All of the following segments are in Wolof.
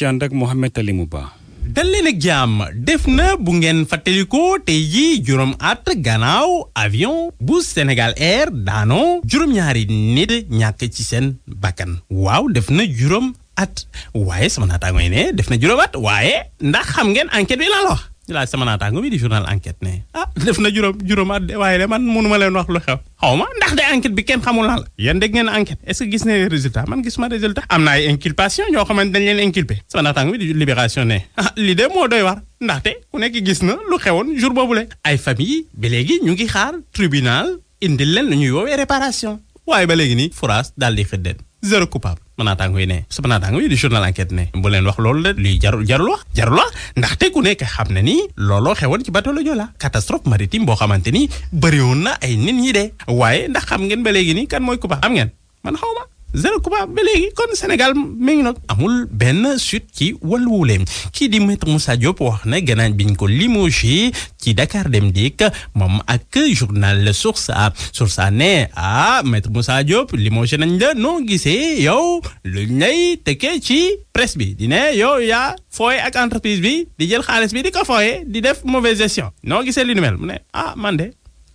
ci ànd ak Mohamed Alimu Ba. dal leen ak jàmm def na bu ngeen fàttalikoo te jii juróom at gannaaw avion bu Sénégal Air daanoo juróom-ñaari nit ñàkk ci seen bakkan waaw def na juróom at waaye sama naataangoo yi ne def na juróom at waaye ndax xam ngeen enquête bi lan la di laaj sama naataango bi di journal enquête ne ah def na juróom juróom at waaye de man mënu ma leen wax lu xew xaw ma ndax de enquête bi kenn xamul lan la yéen dégg ngeen enquête est-ce que gis ne résultat gis na ay inculpation ñoo xamante dañ leen inculpé sama naataango bi di libération ne ah, na lu xewoon jour boobule ay famille ba léegi ñu ngi xaar tribunal indil leen lu réparation waaye ba léegi nii forage daal di xëddeen zéro coupable sama naataango yi ne sama naataango yi di journal enquête ne bu loolu la luy jarul jarul wax jarul ku ne xam ne ni looloo xewoon ci bateau le Joola ma maritime boo xamante ni bëriwoon na ay nit ñi de waaye ndax xam ngeen ba léegi ni kan mooy Kuba xam ngeen man xaw zéro combat ba léegi kon Sénégal mi ngi amul benn suite ci wàllu wuule kii di maître Moussa Diop wax na gannaaw biñ ko limogé ci Dakar Dem Dikk moom ak journal Source A Source A ne ah maître Moussa Diop limogé nañ la noo gisee yow luñ lay tëkkee ci presse bi di ne yow yaa fooye ak entreprise bi di jël xaalis bi di ko fooye di def mauvaise noo gisee li nu mel mu ne ah mande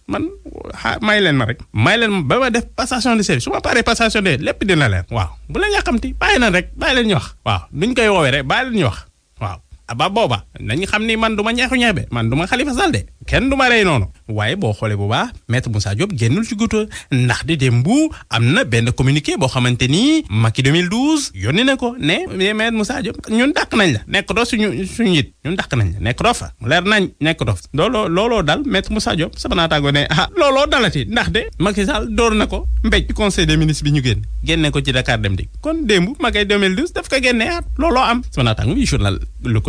man xa may leen ma rek. may leen ma ba ma def passation de service su ma paree passation de lépp dina leer. waaw bu leen ti bàyyi na rek bàyyi leen ñu wax. waaw ñu koy woowee rek bàyyi leen ñu wax. ba booba nañ xam ni man du ma ñeexu ñeexbe man du ma Khalifa Sall de kenn du ma rey noonu waaye boo xoolee bu baax maître Moussa Diop génnul ci guuta ndax di dem bu am na benn communiqué boo xamante ni Macky 2012 yónni na ko ne maître Moussa Diop ñun dàq nañ la nekk doo suñu suñu it ñun dàq nañ nekk doo fa mu leer nañ nekk doo fa looloo looloo dal maître Moussa Diop sama naataango ne ah, looloo dalati ndax de Macky door na ko mbéj ci conseil des ministres bi ñu génn génne ko ci Dakar dem di kon démb Macky 2012 daf ko génne ah looloo am sama naataango bi journal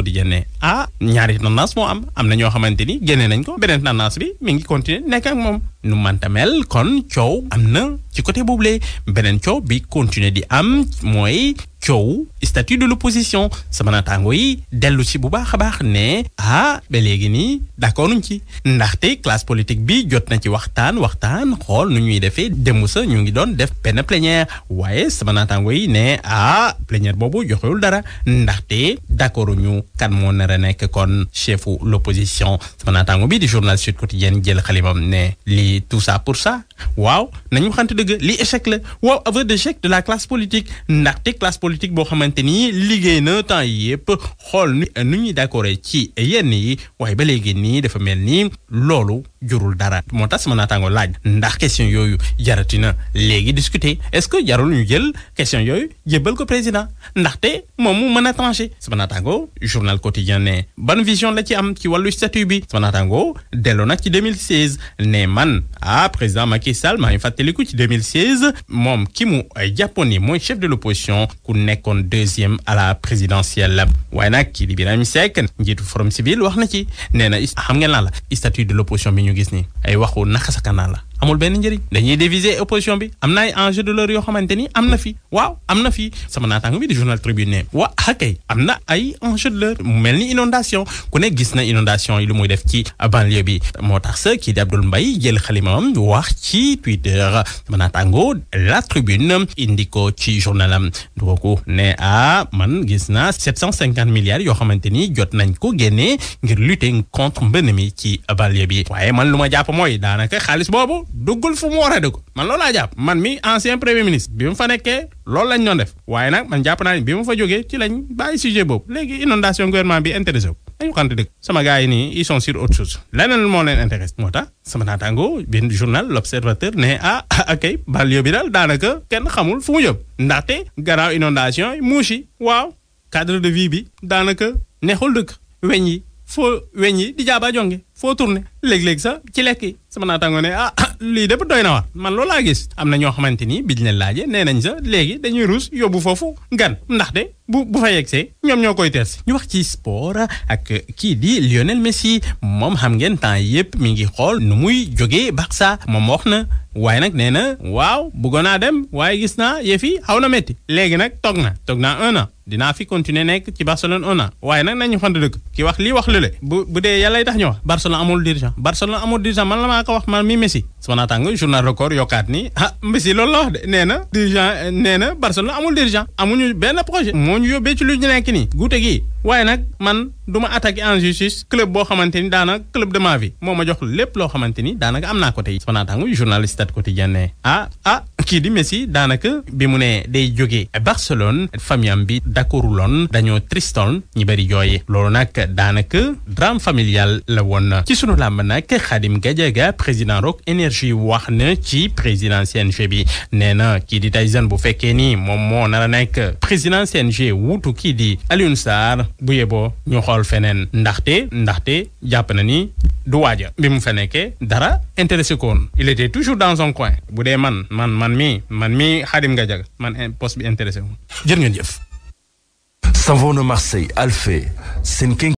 quotidien ne ah ñaari tendance moo am am na ñoo xamante ni génne nañ ko beneen tendance bi mi ngi continuer nekk ak moom nu mantamel kon coow am na ci côté boobule beneen coow bi continuer di am mooy coow statut de l'opposition sama naataango yi dellu si bu baax a baax ne ah ba léegi nii d'accord nuñ ci ndaxte classe politique bi jot na ci waxtaan waxtaan xool nu ñuy defee démb sa ñu ngi doon def benn plénière waaye sama naataango yi ne ah plénière boobu joxewul dara ndaxte d'accord ñu kan moo nar a nekk kon chefu l'opposition sama naataango bi di journal Sud Quotidien jël xalimam ne lii tout ça pour ça waaw nañu xant dëgg li échec la waaw aveu d'échec de la classe politique te classe politique boo xamante ni liggéey na temps yëpp xool nu ñuy d'accord ci yenn yi waaye ba léegi nii dafa mel nii loolu jurul dara moo tax sama naataango laaj ndax question yooyu jaratina léegi discuter est-ce que jarul ñu jël question yooyu jébbal ko président ndaxte moom mu mën a tranché sama naataango journal quotidien ne ban vision la ci am ci wàllu statut bi sama naataango delloo na ci 2016 ne man ah président Macky Sall maa ngi fàttaliku ci 2016 moom ki mu jàppoon ni mooy chef de l'opposition ku nekkoon deuxième à la présidentielle waaye nag kii di Birahim Seck njiitu Forum Civil wax na ci nee na xam ngeen lan la statut de l'opposition bi ñu gis nii ay waxu naxasaka naa la amul benn njëriñ dañuy diviser opposition bi am na ay enjeu de l'heure yoo xamante ni am na fi waaw am na fi sama naataango bi di journal Tribune ne waa xakay am na ay enjeu de l'heure mu mel ni inondation ku ne gis na inondation yi lu muy def ci banlieue bi moo tax sa kii di mbay Mbaye jël xalimam wax ci Twitter sama naataango la Tribune indi ko ci journalam dooku ne ah man gis na 750 milliards yoo xamante ni jot nañ ko génnee ngir lutter contre mbënn mi ci banlieue bi waaye man lu ma jàpp mooy daanaka xaalis boobu ko duggul fu mu waree de ko man loolu laa jàpp man mi ancien premier ministre bi mu fa nekkee loolu lañ doon def waaye nag man jàpp naa ni bi mu fa jógee ci lañ bàyyi sujet boobu léegi inondation gouvernement bi intéressé ko dañu xamante dëgg sama gars yi nii ils sont sur autre chose leneen moo leen intéresse moo tax sama naataango benn journal l'observateur ne ah akay ah, banlieue bi daal daanaka kenn xamul fu mu jëm ndaxte gannaaw inondation yi mouche yi waaw cadre de vie bi daanaka neexul dëkk weñ yi foo weñ yi di jaaba jonge foo tourné léeg-léeg sax ci lekk yi sama naataango ne ah, lii lépp doy na waar man loolu laa gis am na ñoo xamante ni biñ leen laajee nee nañ sa léegi dañuy ruus yóbbu foofu gan ndax de bu bu fa yegsee ñoom ñoo koy tees ñu wax ci sport ak kii di Lionel Messi moom xam ngeen temps yëpp mi ngi xool nu muy jógee Barça moom wax na waaye nag nee na waaw bëggoon naa dem waaye gis naa yëf xaw na métti léegi nag toog na toog naa en an dinaa fi continuer nekk ci Barcelone ona waaye nag nañu xand dëgg ki wax lii wax lële bu bu dee yàllay tax ñu wax Barcelone amul dirigeant Barcelone amul dirigeant man la maa ko wax man mi Messi sama naataango journal record yokkaat ah, nee na dirigeant ma attaqué en justice boo xamante ni daanaka club de ma vie moo ma jox lépp loo xamante ni daanaka am naa ko tey sama naataango journaliste Stades kii di Messi daanaka bi mu ne day jógee Barcelone famiyam bi d'accorduloon dañoo tristoon ñi bëri jooye loolu nag daanaka drame familial la woon na ci sunu làmb nag Khadim Gadiaga président Rock Énergie wax na ci président CNG bi nee na kii di Tyson bu fekkee nii moom moo na a nekk président CNG wuutu kii di Alioune bu yeboo ñoo xool feneen ndaxte ndaxte jàpp na nii du waaja bi mu fa nekkee dara intéressé ko woon il était toujours dans un coin bu dee man man man mi man mii Khadim Gadiaga man poste bi intéressé woon jërë ngeen jëf. Savon de Marseille Alphée